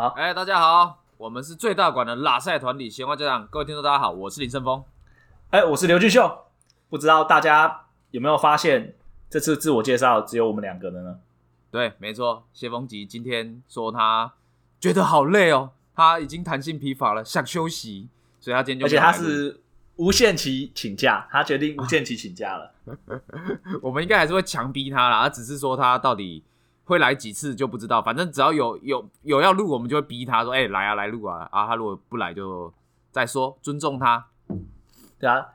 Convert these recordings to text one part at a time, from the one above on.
好，哎、欸，大家好，我們是最大館的喇賽團體閒話家長，各位聽眾大家好，我是林勝峰，哎、欸，我是劉俊秀，不知道大家有沒有發現，這次自我介紹只有我們兩個人呢？對，沒錯，謝豐吉今天說他覺得好累哦，他已經彈性疲乏了，想休息，所以他今天就而且他是無限期請假，他決定無限期請假了，啊、 我們應該還是會強逼他啦。他只是說他到底。會來幾次就不知道，反正只要有有有要錄，我們就會逼他說：“哎、欸，來啊，來錄啊！”啊，他如果不來，就再說，尊重他，對啊。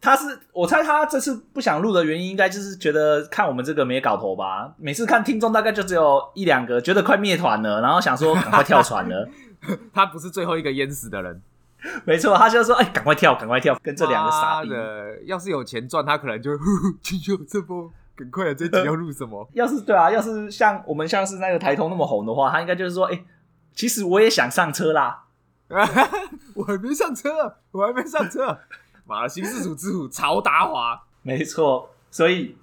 他是我猜他這次不想錄的原因，應該就是覺得看我們這個沒搞頭吧。每次看聽眾大概就只有一兩個，覺得快滅團了，然後想說趕快跳船了。 他不是最後一個淹死的人，沒錯，他就說：“哎、欸，趕快跳，趕快跳！”跟這兩個傻逼、啊、要是有錢賺，他可能就會呼呼呼這波。很快啊！這一集要錄什麼？ 要是對啊，要是像我們像是那個台通那麼紅的話，他應該就是說，哎、欸，其實我也想上車啦。 我還沒上車，我還沒上車。 馬來西亞刑事署署長曹達華， 華沒錯。所以，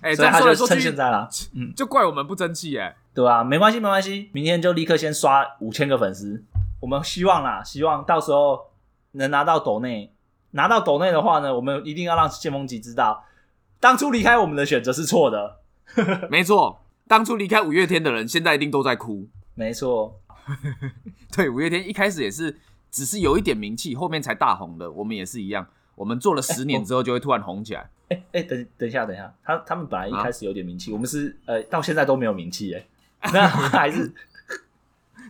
哎、欸，所以他就趁現在了，欸、說說嗯，就怪我們不爭氣哎、欸，對吧、啊？沒關係，沒關係，明天就立刻先刷五千個粉絲。我們希望啦，希望到時候能拿到鬥內，拿到鬥內的話呢，我們一定要讓謝豐吉知道。當初離開我們的選擇是錯的，沒錯。當初離開五月天的人，現在一定都在哭。沒錯錯， 對。五月天一開始也是只是有一點名氣，後面才大紅的。我們也是一樣，我們做了十年之後就會突然紅起來。哎哎、欸，等、喔欸欸、等一下，等一下，他他們本來一開始有點名氣，啊、我們是呃到現在都沒有名氣哎。那還是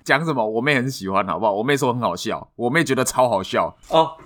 講 什麼？我妹很喜歡，好不好？我妹說很好笑，我妹覺得超好笑哦。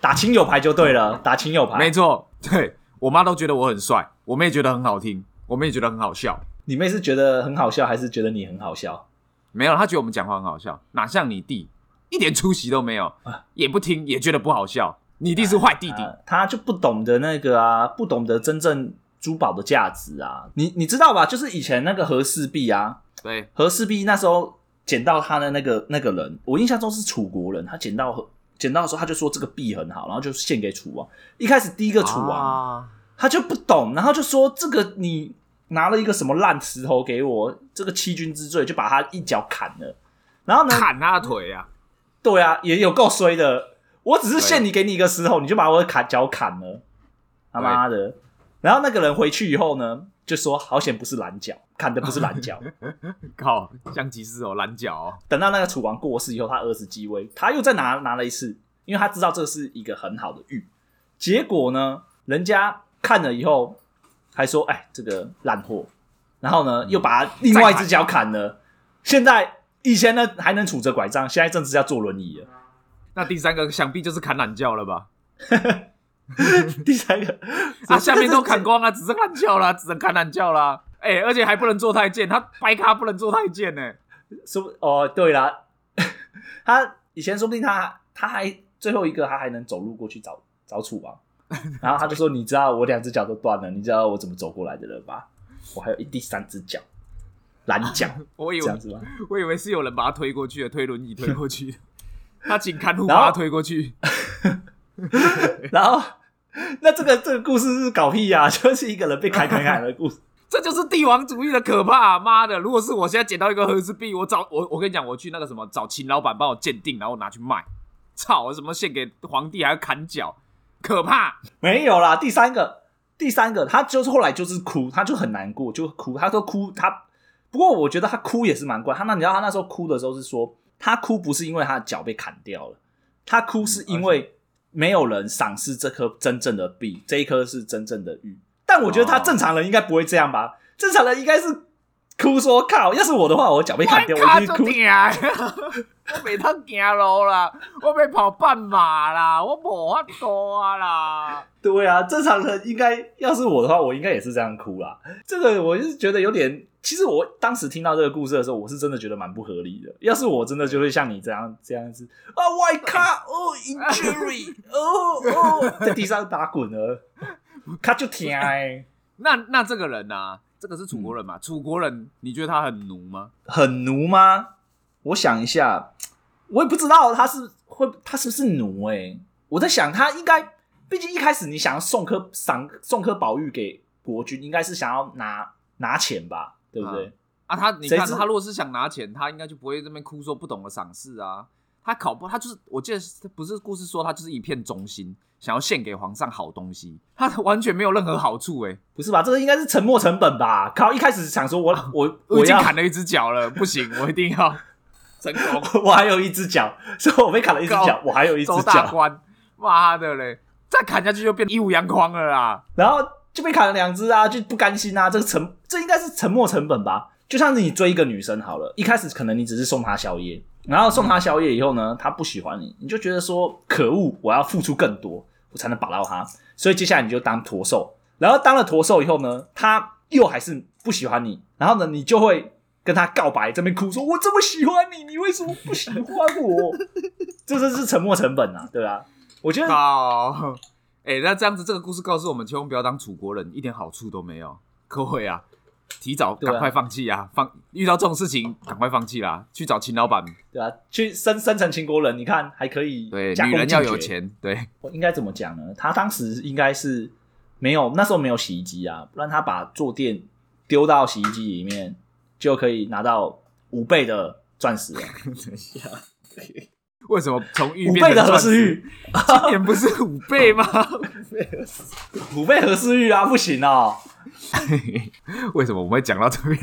打親友牌就對了， 打親友牌沒錯，對。我媽都覺得我很帥，我妹覺得很好聽，我妹覺得很好笑。你妹是覺得很好笑，還是覺得你很好笑？沒有，她覺得我們講話很好笑，哪像你弟，一點出息都沒有，啊、也不聽，也覺得不好笑。你弟是壞弟弟、啊啊，他就不懂得那個啊，不懂得真正珠寶的價值啊。你你知道吧？就是以前那個和氏璧啊，對，和氏璧那時候撿到他的那個那個人，我印象中是楚國人，他撿到和。撿到的時候，他就說這個幣很好，然後就獻給楚王。一開始第一個楚王，啊、他就不懂，然後就說這個你拿了一個什麼爛石頭給我，這個欺君之罪，就把他一腳砍了。然後砍他的腿啊，對啊，也有夠衰的。我只是獻你給你一個石頭，對你就把我砍腳砍了，他媽對、啊、的！然後那個人回去以後呢，就說好險不是爛腳。砍的不是懶叫， 靠，像極是哦，懶叫哦。等到那個楚王過世以後，他兒子繼位，他又再拿拿了一次，因為他知道這是一個很好的玉。結果呢，人家看了以後還說，哎、欸，這個爛貨。然後呢，嗯、又把另外一隻腳砍了。砍現在以前呢還能杵着拐杖，現在正式要坐輪椅了。那第三個想必就是砍懶叫了吧？ 第三個 啊，下面都砍光了， 只剩懶叫啦， 只能砍懶叫啦。 哎、欸，而且還不能做太監，他掰咖不能做太監呢、欸。說哦、呃，對啦，他以前說不定他他還最後一個，他還能走路過去找找楚王，然後他就說：“你知道我兩只腳都斷了，你知道我怎麼走過來的了吧？我還有一第三只腳，懶腳。啊”我以為這樣子嗎？我以為是有人把他推過去的，推輪椅推過去 他請看護把他推過去，然後， 對 然後那這個這個故事是搞屁呀？啊？就是一個人被砍砍砍的故事。這就是帝王主義的可怕啊，媽的！如果是我現在撿到一個和氏璧，我找我我跟你講，我去那個什麼找秦老闆幫我鑑定，然後拿去賣。操，什麼獻給皇帝還要砍腳，可怕！沒有啦，第三個，第三個，他就是後來就是哭，他就很難過就哭，他說哭他。不過我覺得他哭也是蠻怪，他那你知道他那時候哭的時候是說，他哭不是因為他的腳被砍掉了，他哭是因為沒有人賞識這顆真正的璧，這一顆是真正的玉。但我覺得他正常人應該不會這樣吧？Oh. 正常人應該是哭說“靠”，要是我的話，我腳被砍掉，我一定哭 我被他走路啦，我被跑半馬啦，我無法多啦。對啊，正常人應該要是我的話，我應該也是這樣哭啦。這個我就是覺得有點，其實我當時聽到這個故事的時候，我是真的覺得蠻不合理的。要是我真的就會像你這樣這樣子啊！Why car? oh injury! 哦哦 o 在地上打滾了。他就挺哎，那那這個人啊，這個是楚國人嘛？嗯、楚國人，你覺得他很奴嗎？很奴嗎？我想一下，我也不知道他是會他是不是奴哎、欸。我在想，他應該，畢竟一開始你想要送顆賞送顆寶玉給國君，應該是想要拿拿錢吧，對不對？啊，啊他你看是他如果是想拿錢，他應該就不會這邊哭說不懂得賞識啊。他考不，他就是我記得不是故事說他就是一片忠心，想要獻給皇上好東西，他完全沒有任何好處誒、欸、不是吧？這個應該是沉沒成本吧？靠，一開始想說我、啊、我我已經砍了一只腳了， 不行，我一定要成功，我，我還有一只腳，所以我被砍了一只腳，靠我還有一只腳。大官，媽的嘞，再砍下去就變得一無陽光了啊！然後就被砍了兩只啊，就不甘心啊！這個沉，這，這應該是沉沒成本吧？就像是你追一個女生好了，一開始可能你只是送她宵夜。然後送他宵夜以後呢，他不喜歡你，你就覺得說可惡，我要付出更多，我才能把到他。所以接下來你就當駝獸，然後當了駝獸以後呢，他又還是不喜歡你。然後呢，你就會跟他告白，在那邊哭說：“ 我這麼喜歡你，你為什麼不喜歡我？” 這真是沉沒成本啊，對啊。我覺得好，哎、欸，那這樣子這個故事告訴我們，千萬不要當楚國人，一點好處都沒有，可以啊。提早趕快放棄啊。啊放遇到這種事情趕快放棄啦，啊，去找秦老闆。對啊，去生生成秦國人，你看還可以。對，女人要有錢。對，我應該怎麼講呢？他當時應該是沒有，那時候沒有洗衣機啊，讓他把坐墊丟到洗衣機裡面就可以拿到五倍的鑽石了。等一下，為什麼從五倍的和氏玉今年不是五倍嗎？ 五倍和氏玉啊，不行哦。 為什麼我們會講到這邊？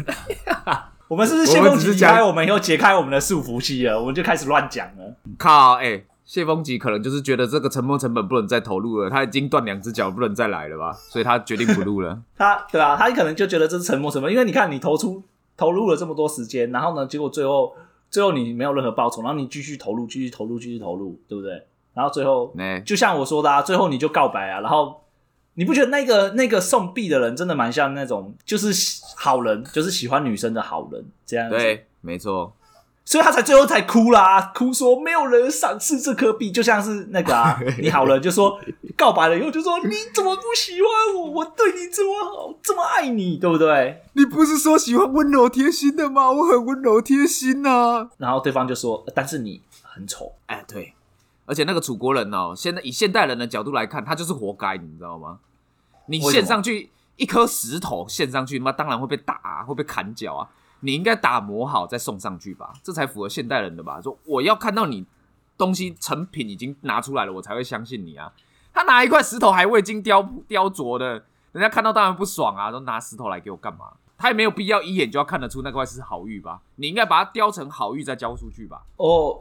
我們是不是謝豐吉離開我們， 以我們又解開我們的束縛期了，我們就開始亂講了。靠！誒、欸，謝豐吉可能就是覺得這個沉沒成本不能再投入了，他已經斷兩隻腳，不能再來了吧？所以他決定不錄了。 他對吧、啊？他可能就覺得這是沉沒成本，因為你看，你投出投入了這麼多時間，然後呢，結果最後最後你沒有任何報酬，然後你繼續投入，繼續投入，繼續投入，對不對？然後最後，欸、就像我說的，啊，最後你就告白啊，然後。你不覺得那個那個送璧的人真的蠻像那種就是好人，就是喜歡女生的好人這樣子。對，沒錯。所以他才最後才哭啦，哭說沒有人賞識這顆璧，就像是那個啊，你好人，就說 告白了以後就說你怎麼不喜歡我？我對你這麼好，這麼愛你，對不對？你不是說喜歡溫柔貼心的嗎？我很溫柔貼心吶、啊。然後對方就說：“但是你很醜。”哎，對。而且那個楚國人哦，現在以現代人的角度來看，他就是活該，你知道嗎？你獻上去一顆石頭，獻上去，那當然會被打啊，會被砍腳啊！你應該打磨好再送上去吧，這才符合現代人的吧？說我要看到你東西成品已經拿出來了，我才會相信你啊！他拿一塊石頭還未經雕雕琢的，人家看到當然不爽啊，都拿石頭來給我幹嘛？他也沒有必要一眼就要看得出那塊是好玉吧？你應該把它雕成好玉再交出去吧？哦。Oh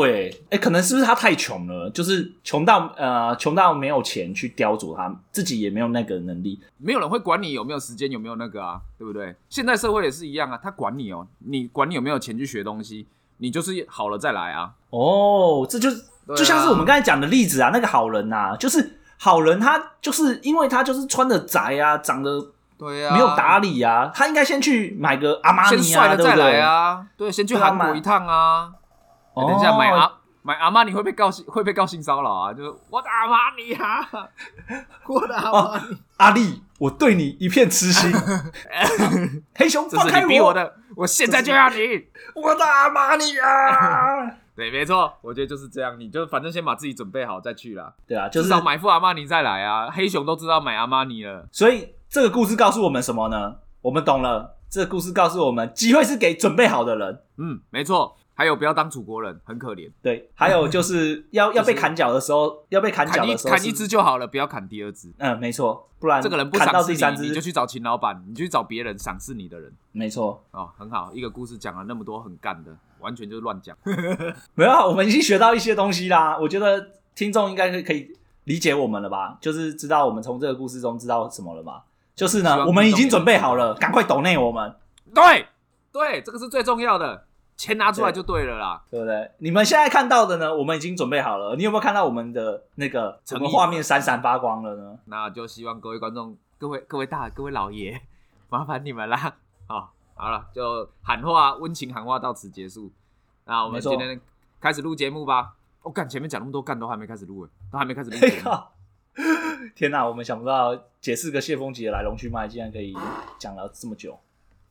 對，哎，可能是不是他太窮了？就是窮到呃，窮到沒有錢去雕琢他自己，也沒有那個能力。沒有人會管你有沒有時間，有沒有那個啊，對不對？現在社會也是一樣啊，他管你哦，你管你有沒有錢去學東西，你就是好了再來啊。哦，這就是就像是我們剛才講的例子啊，啊那個好人啊，就是好人他就是因為他就是穿的宅啊，長得對啊，沒有打理啊，啊他應該先去買個阿瑪尼啊，帥再來啊對不對？對，先去韓國一趟啊。欸、等一下、哦、買阿買阿瑪尼會被告性會被告性騷擾啊！就是我的阿瑪尼啊，我的阿瑪尼、啊，阿力，我對你一片痴心。 黑熊放開，這是你逼我的，我現在就要你，我的阿瑪尼啊！對，沒錯，我覺得就是這樣，你就反正先把自己準備好再去啦。對啊，就是至少買副阿瑪尼再來啊！黑熊都知道買阿瑪尼了，所以這個故事告訴我們什麼呢？我們懂了，這個故事告訴我們，機會是給準備好的人。嗯，沒錯。還有不要當楚國人，很可憐。對，還有就是要、 就是、要被砍腳的時候，要被砍腳的時候砍一隻就好了，不要砍第二隻。嗯，沒錯，不然這個人不砍到第三隻，你就去找秦老板，你去找別人賞識你的人。沒錯錯，哦，很好，一個故事講了那麼多很乾的，完全就是亂講。 沒有、啊，我們已經學到一些東西啦。我覺得聽眾應該是可以理解我們了吧？就是知道我們從這個故事中知道什麼了吧？就是呢，我們已經準備好了，趕快抖內我們。對，對，這個是最重要的。錢拿出來就對了啦，對不對，對？你們現在看到的呢，我們已經準備好了。你有沒有看到我們的那個什麼意畫面閃閃發光了呢？那就希望各位觀眾、各位、各位大、各位老爺，麻煩你們啦。好、哦，好了，就喊話，溫情喊話到此結束。那我們今天開始錄節目吧。我錯、哦、幹，前面講那麼多幹都還沒開始，都還沒開始錄，都還沒開始錄。天哪，我們想不到解釋個謝豐吉的來龍去脈，竟然可以講了這麼久。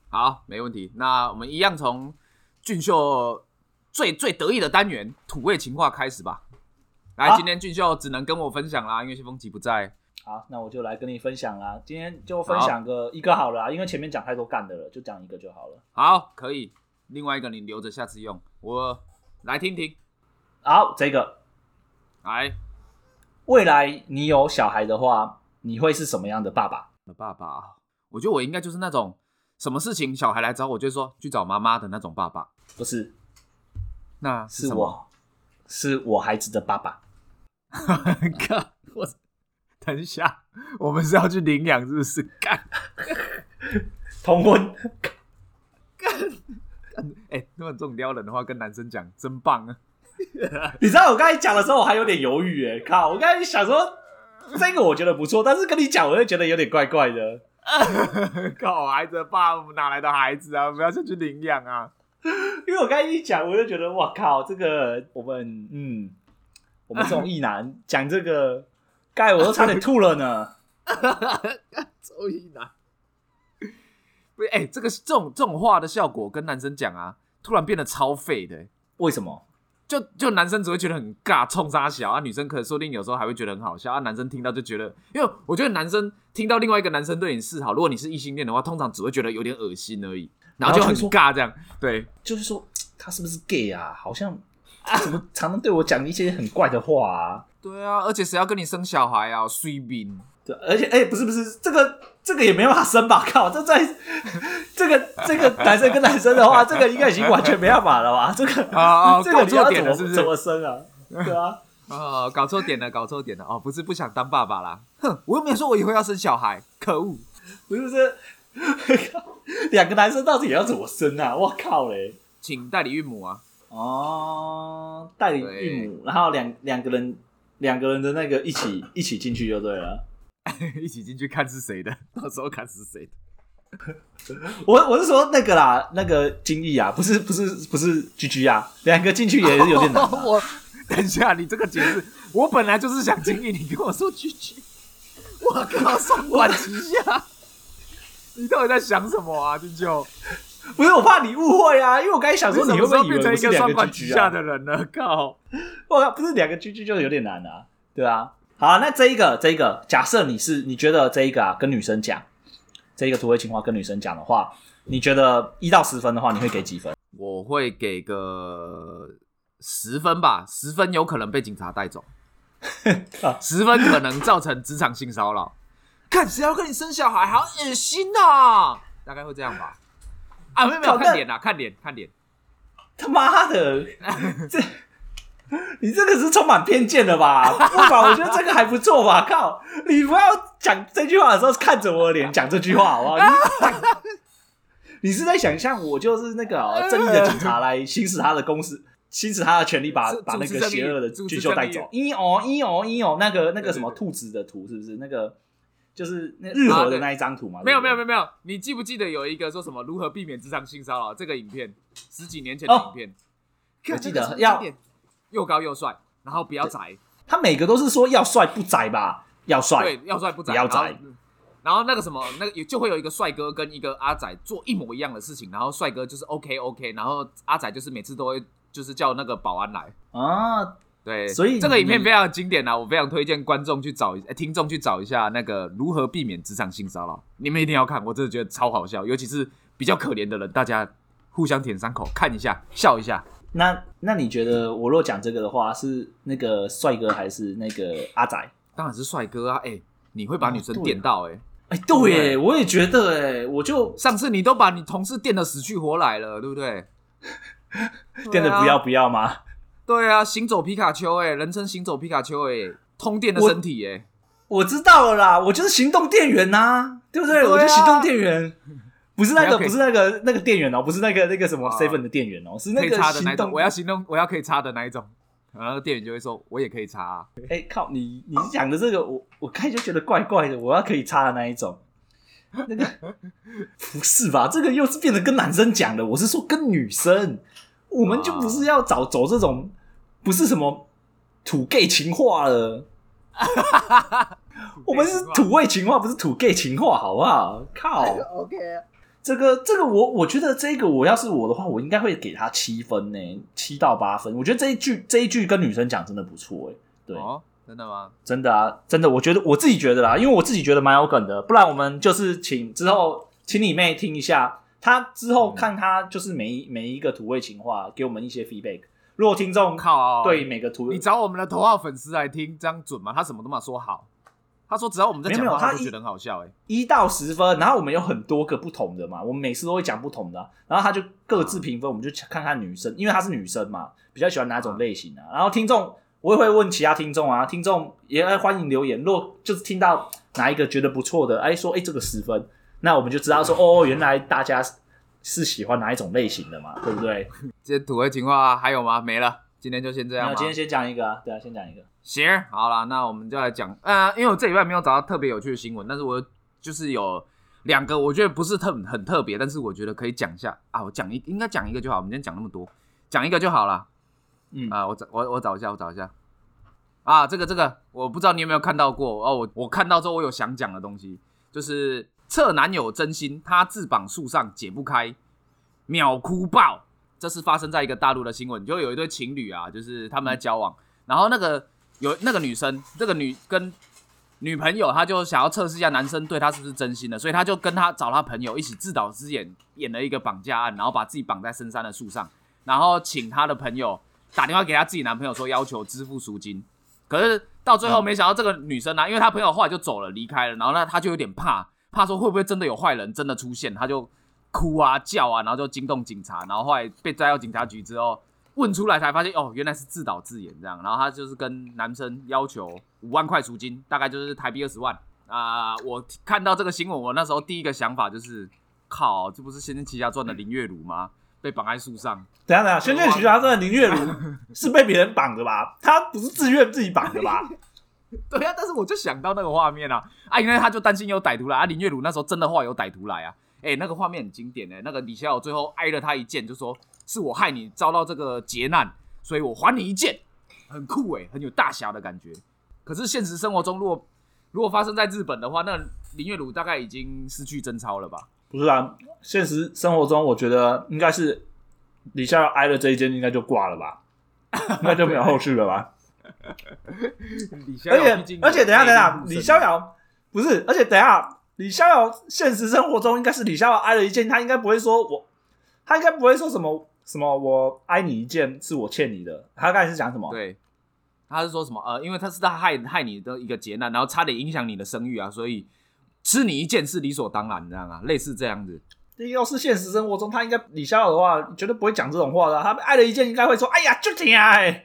好，沒問題。那我們一樣從。俊秀最最得意的單元土味情話開始吧，來，啊、今天俊秀只能跟我分享啦，因為謝豐吉不在。好，那我就來跟你分享啦，今天就分享個一個好了，好，因為前面講太多乾的了，就講一個就好了。好，可以。另外一個你留着下次用。我來聽聽。好，這個，來，未來你有小孩的話，你會是什麼樣的爸爸？的爸爸、啊，我覺得我應該就是那種什麼事情小孩來找我，就說去找媽媽的那種爸爸。不是，那是，是我，是我孩子的爸爸。靠 我等一下，我們是要去領養，是不是？幹！同 婚！幹！哎、 欸，那麼這種撩人的話跟男生講真棒啊！你知道我剛才講的時候我還有點猶豫哎、欸，靠！我剛才想說這個我覺得不錯，但是跟你講我又覺得有點怪怪的。 靠！孩子的爸，我們哪來的孩子啊？我們要先去領養啊！因為我剛才一講，我就覺得哇靠，這個我們嗯，我們這種藝男講、啊、這個尬，啊、我都差點吐了呢。綜藝男，不是哎，這個這種這種話的效果跟男生講啊，突然變得超廢的，欸，為什麼？就就男生只會覺得很尬，衝殺小啊，女生可能說不定有時候還會覺得很好笑啊，男生聽到就覺得，因為我覺得男生聽到另外一個男生對你示好，如果你是異性戀的話，通常只會覺得有點噁心而已。然後就很尬這樣，對，就是說,對就是說他是不是 gay 啊？好像啊，怎麼常常對我講一些很怪的話啊？對啊，而且誰要跟你生小孩啊？睡眠對，而且哎、欸，不是不是，這個這個也沒辦法生吧？靠，這在這個、 這個、這個男生跟男生的話，這個應該已經完全沒辦法了吧？ 這個啊，搞、哦、錯,錯點了，是不是？怎麼生啊？對啊，啊、哦，搞錯點了，搞錯點了。哦，不是不想當爸爸啦。哼，我又沒有說我以後要生小孩，可惡！不是不是。兩 個男生到底要怎麼生啊？我靠嘞！請代理孕母啊！哦，代理孕母，對然後兩兩個人兩個人的那個一起 一起進去就對了，一起進去看是誰的，到時候看是誰的。我我是說那個啦，那個精液啊，不是不是不是居居啊，兩個進去也是有點難、啊。哦哦哦我等一下，你這個解釋， 我本來就是想精液，你跟我說居居， 我靠，雙管齊下、啊。的 你到底在想什麼啊？丁九，不是我怕你誤會啊，因為我剛才想說什麼，變成一個雙管齊下,下的人呢？靠，我靠，不是兩個 GG 就有點難啊。對啊。好啊，那這一個，這一個，假設你是你覺得這一個啊，跟女生講，這一個土味情話跟女生講的話，你覺得一到十分的話，你會給幾分？我會給個十分吧，十分有可能被警察帶走， 啊、十分可能造成職場性騷擾。看誰要跟你生小孩，好噁心吶！大概會這樣吧。啊，沒有，沒有，看臉啊，看臉，看臉。他媽的，這你這個是充滿偏見的吧？不吧，我覺得這個還不錯吧。靠，你不要講這句話的時候看着我的臉講這句話好不好？你是在想象我就是那個正義的警察來行使他的公司，行使他的權利，把把那個邪惡的俊秀帶走。咦哦，咦哦，咦哦，那個那個什麼兔子的圖是不是那個？就是日和的那一張圖嘛、啊？沒有沒有沒有沒有，你記不記得有一個說什麼如何避免職場性騷擾、啊、這個影片，十幾年前的影片，哦、靠我記得要又高又帥，然後不要宅。他每個都是說要帥不宅吧，要帥對，要帥不宅要宅。然後那個什麼，那個就會有一個帥哥跟一個阿仔做一模一樣的事情，然後帥哥就是 OK OK，然後阿仔就是每次都會就是叫那個保安來啊。對，所以這個影片非常經典啊，我非常推薦觀眾去找，聽眾去找一下那個如何避免職場性騷擾，你們一定要看，我真的覺得超好笑，尤其是比較可憐的人，大家互相舔傷口，看一下，笑一下。那那你覺得我若講這個的話，是那個帥哥還是那個阿仔？當然是帥哥啊！哎，你會把女生電到誒？哎哎、哦，對誒，我也覺得哎，我就上次你都把你同事電的死去活來了，對不對？ 對啊、電的不要不要嗎？對啊，行走皮卡丘哎、欸，人稱行走皮卡丘哎、欸，通電的身體哎、欸，我知道了啦，我就是行動電源呐、啊，對不對？對啊、我就是行動電源，不是那個，不是那個那個電源哦、喔，不是那個那個什麼 seven 的電源哦、喔，是那個行動插的那種。我要行動，我要可以插的那一種，然後，電源就會說，我也可以插、啊。哎、欸、靠，你你講的這個，我我開始就覺得怪怪的，我要可以插的那一種，那個不是吧？這個又是變得跟男生講的，我是說跟女生。我們就不是要找走這種，oh. 不是什麼土 gay 情話了。 我們是土味情話，不是土 gay 情話，好不好？靠，OK，這個這個我我覺得這個我要是我的話，我應該會給他七分呢、欸，七到八分。我覺得這一句這一句跟女生講真的不錯，哎，對，oh, 真的嗎？真的啊，真的，我覺得我自己覺得啦，因為我自己覺得蠻有梗的。不然我們就是請之後，請你妹聽一下。他之後看他就是每一每一個土味情話給我們一些 feedback。如果聽眾靠，對每個土、哦，你找我們的頭號粉絲來聽，這樣準嗎？他什麼都有說好。他說只要我們在講的話，他，他就覺得很好笑、欸。哎，一到十分。然後我們有很多個不同的嘛，我們每次都會講不同的、啊。然後他就各自評分，嗯、我們就看看女生，因為她是女生嘛，比較喜歡哪種類型的、啊。然後聽眾我也會問其他聽眾啊，聽眾也歡迎留言。若就是聽到哪一個覺得不錯的，哎說哎這個十分。那我們就知道說，哦，哦原來大家是喜歡哪一種類型的嘛，對不對？這些土味情話、啊、還有嗎？沒了，今天就先這樣。那我今天先講一個啊，對啊，先講一個。行，好了，那我們就來講，啊、呃、因為我這禮拜沒有找到特別有趣的新聞，但是我就是有兩個，我覺得不是特很特別，但是我覺得可以講一下啊。我講一，應該講一個就好。我們今天講那麼多，講一個就好了。嗯啊，我找我我找一下，我找一下。啊，這個這個，我不知道你有沒有看到過哦、啊。我我看到之後，我有想講的東西，就是。測男友真心，她自綁樹上解不開，秒哭爆。這是發生在一個大陸的新聞，就有一對情侶啊，就是他們在交往，然後那個有那個女生，這個女跟女朋友，她就想要測試一下男生對她是不是真心的，所以她就跟他找他朋友一起自導自演演了一個綁架案，然後把自己綁在深山的樹上，然後請他的朋友打電話給他自己男朋友說要求支付贖金，可是到最後沒想到這個女生呢、啊，因為她朋友後來就走了離開了，然後呢她就有點怕。他說會不會真的有壞人真的出現？他就哭啊叫啊，然後就驚動警察，然後後來被抓到警察局之後問出來，才發現哦，原來是自導自演這樣。然後他就是跟男生要求五萬塊贖金，大概就是台幣二十萬。啊、呃，我看到這個新聞，我那時候第一個想法就是靠，這不是《仙劍奇俠傳》的林月如嗎？嗯、被綁在樹上？等下，等下，《仙劍奇俠傳》的林月如是被別人綁的吧？ 他不是自願自己綁的吧？ 對啊，但是我就想到那個畫面啊，啊，因為他就擔心有歹徒來啊。林月如那時候真的話有歹徒來啊，誒，那個畫面很經典誒、欸，那個李逍遙最後挨了他一劍，就說是我害你遭到這個劫難，所以我還你一劍，很酷誒、欸，很有大俠的感覺。可是現實生活中，如果如果發生在日本的話，那林月如大概已經失去貞操了吧？不是啊，現實生活中我覺得應該是李逍遙挨了這一劍，應該就掛了吧，那就沒有後續了吧。 而且，而且，等一下，等一下，李逍遙不是，而且等一下，李逍遙現實生活中應該是李逍遙挨了一劍，他應該不會說我，他應該不會說什麼什麼我挨你一劍是我欠你的，他剛才是講什麼？對，他是說什麼？呃，因為他是他害害你的一個劫難，然後差點影響你的聲譽啊，所以吃你一劍是理所當然，你知道嗎？類似這樣子。要是現實生活中，他應該李逍遙的話絕對不會講這種話的啊，他挨了一劍應該會說，哎呀，就這樣。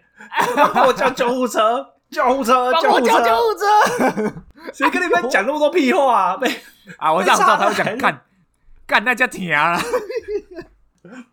我叫救護車！救護車，車，車！救護車！誰跟你們講那麼多屁話、啊？沒啊，我想不到他們講？幹幹那家庭啊。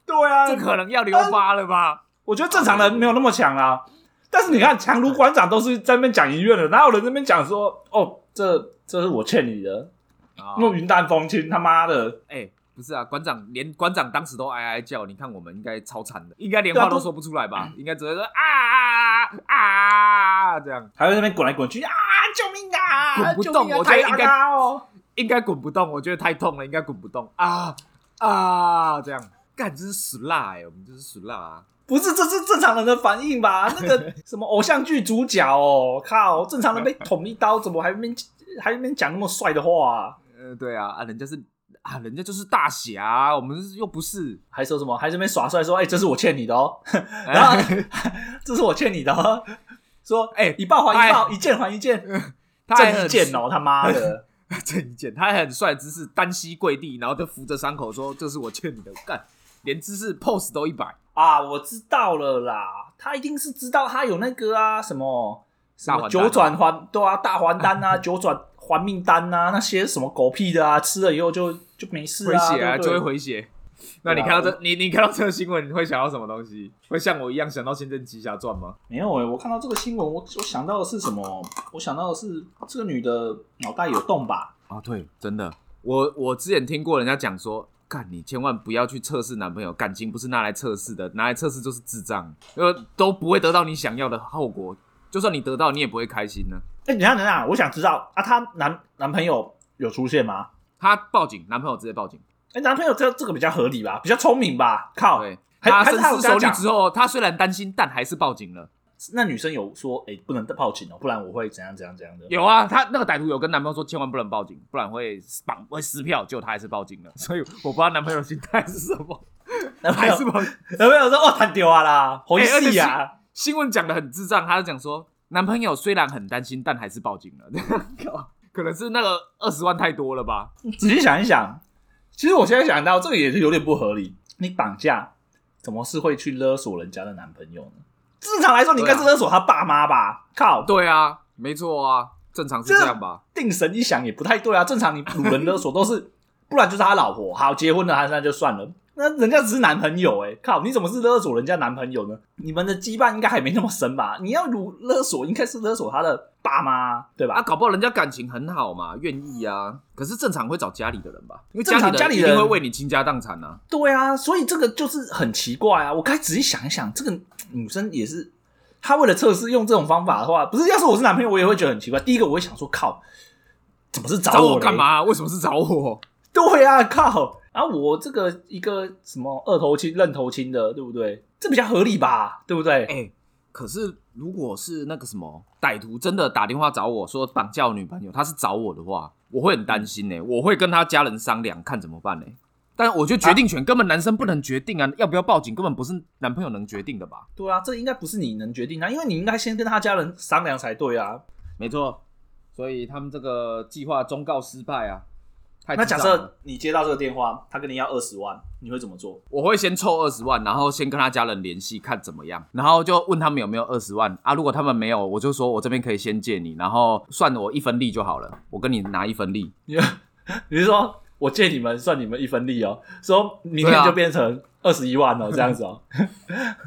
對啊，這可能要留疤了吧、呃？我覺得正常人沒有那麼強啦、啊。但是你看，強如館長都是在那邊講醫院的，哪有人在那邊講說哦，這這是我欠你的，那麼雲淡風輕。他媽的，欸不是啊，館長連館長當時都哀哀叫，你看我們應該超慘的，應該連話都說不出來吧？啊、應該只會說啊啊啊這樣，還在那邊滾來滾去啊！救命啊！滾、啊啊、不動，我覺得應該、哦、應該滾不動，我覺得太痛了，應該滾不動啊啊！這樣，幹，真是死辣哎、欸！我們真是死辣、啊！不是，這是正常人的反應吧？那個什麼偶像劇主角哦， 靠，正常人被捅一刀，怎麼還沒還沒講那麼帥的話、啊？呃，對啊，啊，人家是。啊，人家就是大俠、啊，我們又不是，還說什麼？還在那邊耍帥說：“哎、欸，這是我欠你的哦。 ”然後，“欸、這是我欠你的。”哦。說：“哎、欸，一報還一報，欸、一件還一件。嗯”他很一件哦，他媽的，他很他一件。他很帥，只是單膝跪地，然後就扶着傷口說：“這是我欠你的。”幹，連姿勢 pose 都一擺啊！我知道了啦，他一定是知道他有那個啊，什麼啥還九轉還對啊，大還丹吶、啊，啊、呵呵九轉還命丹吶、啊，那些什麼狗屁的啊，吃了以後就。就沒事、啊，回血啊，對對就會回血。那你看到這，啊、你你看到這個新聞，你會想到什麼東西？會像我一樣想到《仙劍奇俠傳》嗎？沒有誒、欸，我看到這個新聞，我我想到的是什麼？我想到的是這個女的腦袋有洞吧？啊，對，真的。我我之前聽過人家講說，幹你千萬不要去測試男朋友，感情不是拿來測試的，拿來測試就是智障，呃，都不會得到你想要的後果。就算你得到，你也不會開心呢。誒、欸，你看，楠楠，我想知道啊，她男男朋友有出現嗎？他報警，男朋友直接報警。哎，男朋友這個、這個比較合理吧，比較聰明吧？靠！對還他深思熟慮之後，他，他她雖然擔心，但還是報警了。那女生有說：“哎，不能報警哦，不然我會怎樣怎樣怎樣的。”有啊，他那個歹徒有跟男朋友說：“千萬不能報警，不然會綁會撕票。”結果他還是報警了。所以我不知道男朋友心態是什麼。 男朋友男朋友說：“我談丟啊啦，紅衣啊。新”新聞講的很智障，他就講說，男朋友雖然很擔心，但還是報警了。靠！可能是那個二十萬太多了吧？仔細想一想，其實我現在想到這個也是有點不合理。你綁架，怎麼是會去勒索人家的男朋友呢？正常來說，你應該是勒索他爸媽吧？啊、靠，對啊，沒錯啊，正常是這樣吧？定神一想也不太對啊。正常你擄人勒索都是， 不然就是他老婆。好，結婚了，還是那就算了。那人家只是男朋友哎、欸，靠！你怎麼是勒索人家男朋友呢？你們的羈絆應該還沒那麼深吧？你要如勒索，應該是勒索他的爸媽對吧？啊，搞不好人家感情很好嘛，願意啊。可是正常會找家裡的人吧，因為家裡家裡一定會為你傾家蕩產呢、啊。對啊，所以這個就是很奇怪啊！我該仔細想一想，這個女生也是，她為了測試用這種方法的話，不是？要是我是男朋友，我也會覺得很奇怪。第一個，我會想說，靠，怎麼是找我，找我幹嘛？為什麼是找我？對啊，靠！啊，我這個一個什麼二頭親愣頭青的，對不對？這比較合理吧，對不對、欸？可是如果是那個什麼歹徒真的打電話找我說綁架我女朋友，他是找我的話，我會很擔心呢、欸。我會跟他家人商量看怎麼辦呢、欸？但我覺得決定權，根本男生不能決定啊，啊要不要報警根本不是男朋友能決定的吧？對啊，這應該不是你能決定啊，因為你應該先跟他家人商量才對啊。沒錯，所以他們這個計劃終告失敗啊。那假設你接到這個電話，他跟你要二十萬，你會怎麼做？我會先湊二十萬，然後先跟他家人聯繫，看怎麼樣，然後就問他們有沒有二十萬啊。如果他們沒有，我就說我這邊可以先借你，然後算我一分利就好了，我跟你拿一分利。你,你是說我借你們算你們一分利哦？說明天就變成二十一萬哦，對啊、 這樣子哦？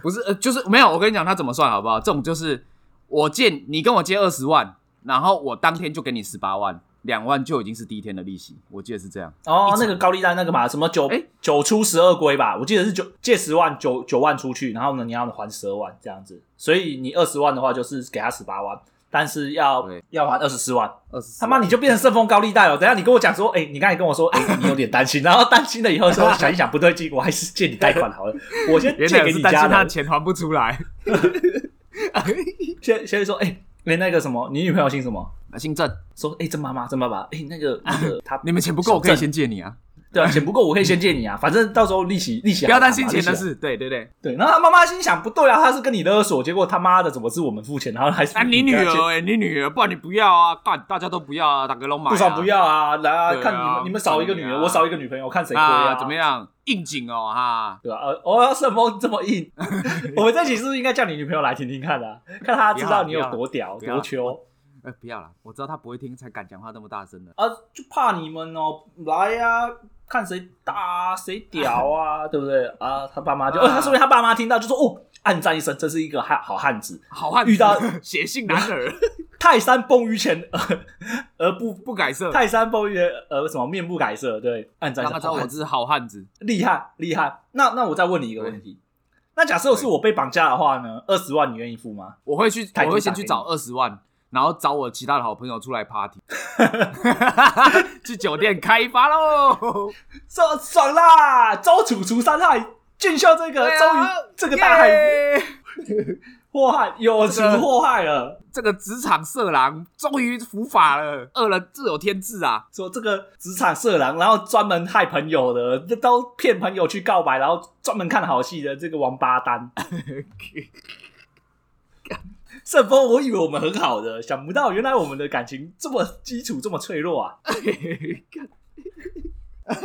不是，就是沒有。我跟你講，他怎麼算好不好？這種就是我借，你跟我借二十萬，然後我當天就給你十八萬。兩萬就已經是第一天的利息，我記得是這樣。哦，直那個高利貸那個嘛，什麼九九出十二歸吧，我記得是九借十萬九九萬出去，然後呢，你要還十二萬這樣子，所以你二十萬的話就是給他十八萬，但是要對要還二十四萬。二十四。他媽，你就變成順豐高利貸了，等下你跟我講說，哎、欸，你剛才跟我說，哎、欸，你有點擔心， 然後擔心了以後，想一想不對勁， 我還是借你貸款好了，我先借給你家的。擔心他的錢還不出來。 啊、先先說，哎、欸，連那個什麼，你女朋友姓什麼？姓鄭說：“哎，鄭媽媽，鄭爸爸，哎，那個，那個，他……你們錢不夠，我可以先借你啊。對啊，錢不夠，我可以先借你啊。反正到時候利息，利息……不要擔心錢的事。對，對，對，對。然後他媽媽心想：不對啊，他是跟你勒索，結果他媽的怎麼是我們付錢？然後還是……哎，你女兒，哎，你女兒，不然你不要啊！大大家都不要啊！打個龍嘛。不少不要啊！來啊，看你們，你們少一個女兒我少一個女朋友，我看誰可以啊？怎麼樣？應景哦，哈，對吧？哦，要怎麼這麼硬我們這集是不是應該叫你女朋友來聽聽看啊，看他知道你有多屌，多秋。”哎，不要啦！我知道他不會聽，才敢講話那麼大聲的啊！就怕你們哦，來呀，看誰大誰屌啊，對不對？啊，他爸媽就……呃他是不是他爸媽聽到就說：“哦，暗讚一聲，這是一個漢好漢子，好漢遇到血性男兒，泰山崩於前而不不改色，泰山崩於呃什麼面不改色，對暗讚一聲。”那這我是好漢子，厲害厲害！那那我再問你一個問題：那假設是我被綁架的話呢？二十萬你願意付嗎？我會去，我會先去找二十萬。然後找我其他的好朋友出來 party， 去酒店開趴嘍，爽爽啦！周處除三害，見效這個周瑜、啊、這個大 Yeah. 害，禍害有情禍害了。這個職、這個、場色狼終於伏法了，惡人自有天智啊！說、so, 這個職場色狼，然後專門害朋友的，都騙朋友去告白，然後專門看好戲的這個王八蛋。 okay. 順風，我以為我們很好的，想不到原來我們的感情這麼基礎，這麼脆弱啊！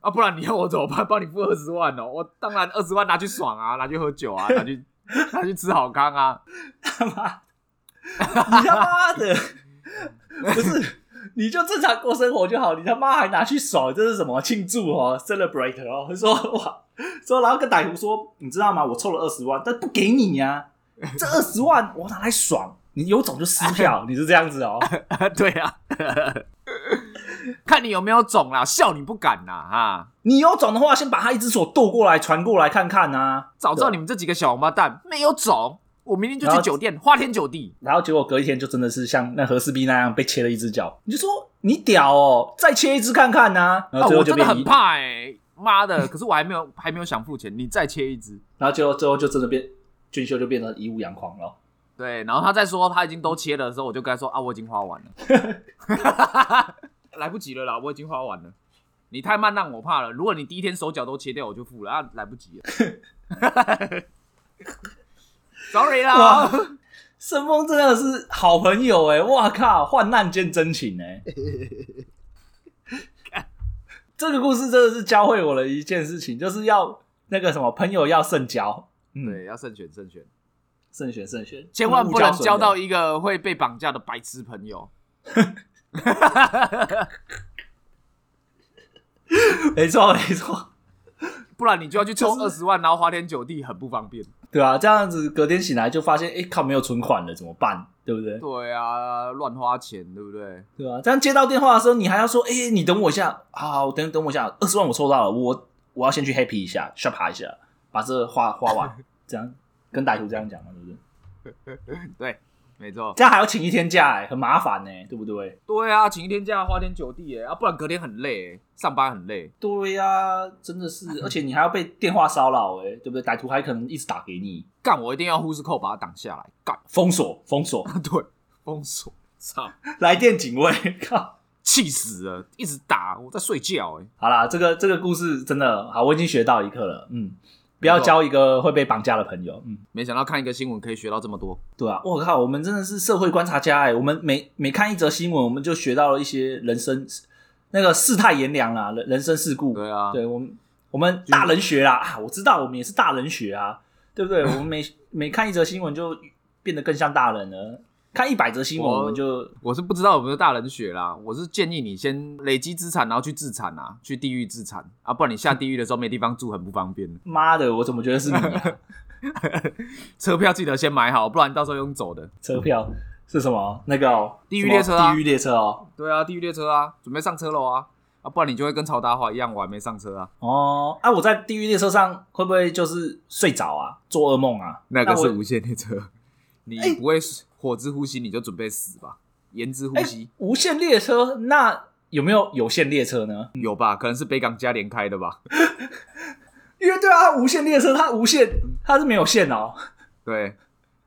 啊，不然你要我怎麼辦，幫你付二十萬哦，我當然二十萬拿去爽啊，拿去喝酒啊，拿去拿去吃好康啊！ 他媽，你他媽，媽的， 不是你就正常過生活就好，你他媽還拿去爽，這是什麼慶祝哦，celebrate 哦，說哇，說然後跟歹徒說，你知道嗎？我湊了二十萬，但不給你呀、啊。 這二十萬我哪來爽？你有種就撕票， 你是這樣子哦？ 對啊， 看你有沒有種啦！笑你不敢啦。啊！你有種的話，先把他一隻手剁過來傳過來看看吶、啊！早知道你們這幾個小王八蛋對沒有種，我明天就去酒店後花天酒地。然後結果隔一天就真的是像那和氏璧那樣被切了一隻腳，你就說你屌哦！再切一隻看看吶、啊！那、啊、我真的很怕哎、欸，媽的！可是我還沒有 還沒有想付錢，你再切一隻，然後最後最後就真的變。俊秀就變成一物養狂了。對，然後他再說他已經都切了的時候，我就跟他說啊，我已經花完了， 來不及了啦，我已經花完了。你太慢，讓我怕了。如果你第一天手腳都切掉，我就負了啊，來不及了。 Sorry 啦，盛風真的是好朋友哎、欸，哇靠，患難見真情哎、欸。 這個故事真的是教會我的一件事情，就是要那個什麼，朋友要慎交。對，要慎選，慎選，慎選，慎選，慎選，千萬不能交到一個會被綁架的白痴朋友。 沒錯，沒錯，不然你就要去抽二十萬，就是、然後花天酒地，很不方便。對啊，這樣子隔天醒來就發現，哎、欸，靠，沒有存款了，怎麼辦？對不對？對啊，亂花錢，對不對？對啊，這樣接到電話的時候，你還要說，哎、欸，你等我一下，好，好，好，等等我一下，二十萬我抽到了，我我要先去 happy 一下 shopping 一下。把這花花完，這樣跟歹徒這樣講嘛，是不是？對，沒錯。這樣還要請一天假，欸，哎，很麻煩呢，欸，對不對？對啊，請一天假，花天酒地，欸，哎，不然隔天很累，欸，上班很累。對呀，啊，真的是，而且你還要被電話騷擾，哎，對不對？歹徒還可能一直打給你，幹，我一定要護士扣把它擋下來，幹封鎖封鎖， 對封鎖操 來電警衛，靠，氣死了，一直打我在睡覺，欸，哎，好啦，這個這個故事真的好，我已經學到一課了，嗯。不要交一個會被綁架的朋友。嗯，沒想到看一個新聞可以學到這麼多。對啊，我靠，我們真的是社會觀察家哎、欸！我們每每看一則新聞，我們就學到了一些人生那個世態炎涼啊，人人生世故。對啊，對我們我們大人學啦君啊！我知道我們也是大人學啊，對不對？我們每 每看一則新聞，就變得更像大人了。看一百則新聞，我們就我，我是不知道有沒有大人血啦。我是建議你先累積資產，然後去自殘啊，去地獄自殘啊，不然你下地獄的時候沒地方住，很不方便。媽的，我怎麼覺得是你啊？ 車票記得先買好，不然你到時候用走的。車票是什麼？那個麼地獄列車啊？地獄列車哦、啊，對啊，地獄列車啊，準備上車囉啊！啊，不然你就會跟曹達華一樣，我還沒上車啊。哦，啊，我在地獄列車上會不會就是睡着啊？做噩夢啊？那個是無限列車，我你不會、欸？火之呼吸，你就準備死吧！炎之呼吸，欸、無限列車，那有沒有有線列車呢？有吧，可能是北港加連開的吧。 因為對啊，無線列車它無線它是沒有線哦、喔。對，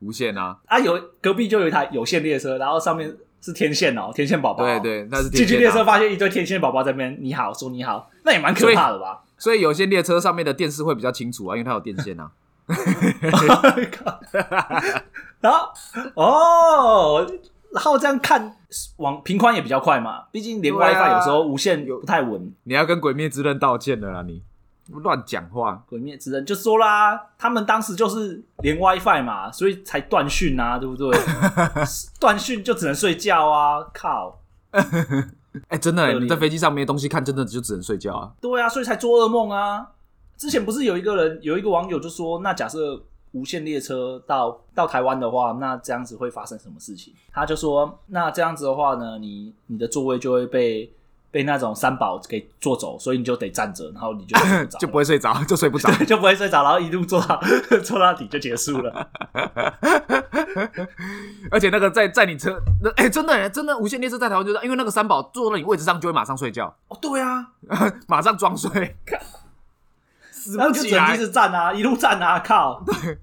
無線啊。啊有，有隔壁就有一台有線列車，然後上面是天線哦、喔，天線寶寶、喔。對，對對，那是天線、啊。進去列車發現一堆天線寶寶在那邊，你好，說你好，那也蠻可怕的吧？所以，所以有線列車上面的電視會比較清楚啊，因為它有電線啊。 然後 哦，然後這樣看網頻寬也比較快嘛，畢竟連 WiFi 有時候無線有不太穩、啊。你要跟《鬼滅之刃》道歉了啦！你亂講話，《鬼滅之刃》就說啦，他們當時就是連 WiFi 嘛，所以才斷訊啊，對不對？斷訊 就只能睡覺啊！靠！哎， 欸、真的、欸、你在飛機上沒東西看，真的就只能睡覺啊。對啊，所以才做噩夢啊。之前不是有一個人，有一個網友就說：“那假設無限列車到到台灣的話，那這樣子會發生什麼事情？”他就說：“那這樣子的話呢，你你的座位就會被被那種三寶給坐走，所以你就得站着，然後你就睡不 就不會睡着，就睡不着， 就不會睡着，然後一路坐到坐到底就結束了。” 而且那個在在你車，那、欸、哎，真的真的無限列車在台灣就是，因為那個三寶坐到你位置上就會馬上睡覺。哦，對啊， 馬上裝睡。 然後就整機是站啊，一路站啊，靠！對，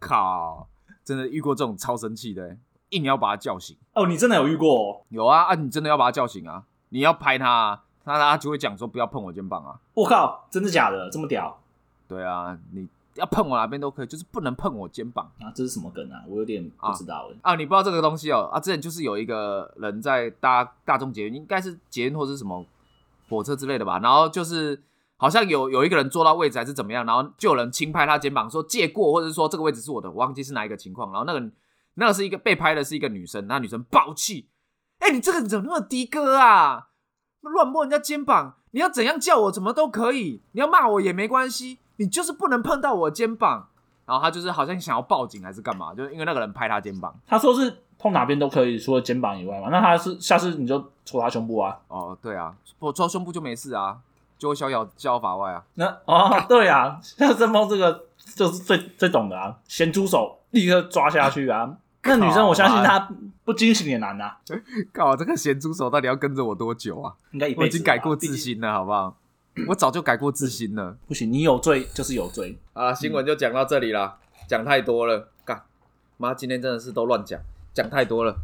靠！真的遇過這種超生氣的，硬要把他叫醒。哦，你真的有遇過、哦？有啊，啊，你真的要把他叫醒啊！你要拍他，他他就會講說不要碰我肩膀啊！我、哦、靠，真的假的？這麼屌？對啊，你要碰我哪邊都可以，就是不能碰我肩膀啊！這是什麼梗啊？我有點不知道啊，啊！你不知道這個東西哦啊！之前就是有一個人在搭大眾捷運，應該是捷運或是什麼火車之類的吧，然後就是。好像有有一個人坐到位置，還是怎麼樣，然後就有人輕拍他肩膀，說借過，或者是說這個位置是我的，我忘記是哪一個情況。然後那個那個是一個被拍的是一個女生，那女生爆氣，哎，你這個人怎麼那麼的哥啊？亂摸人家肩膀，你要怎樣叫我怎麼都可以，你要罵我也沒關係，你就是不能碰到我的肩膀。然後他就是好像想要報警還是幹嘛？就是因為那個人拍他肩膀，他說是碰哪邊都可以，除了肩膀以外嘛，那他是下次你就戳他胸部啊？哦，對啊，我戳胸部就沒事啊。就會逍遙逍遙法外啊？那、啊、哦，對啊， 像鄭鋒這個就、這個、是最最懂的啊，鹹豬手立刻抓下去啊！那 女生我相信她、嗯啊、不驚安醒也難吶、啊。靠、啊，這個鹹豬手到底要跟着我多久啊？應該一輩子，我已經改過自新了，好不好？我早就改過自新了。不行，你有罪就是有罪 啊！新聞就講到這裡啦，講、嗯、太多了。乾媽，今天真的是都亂講，講太多了。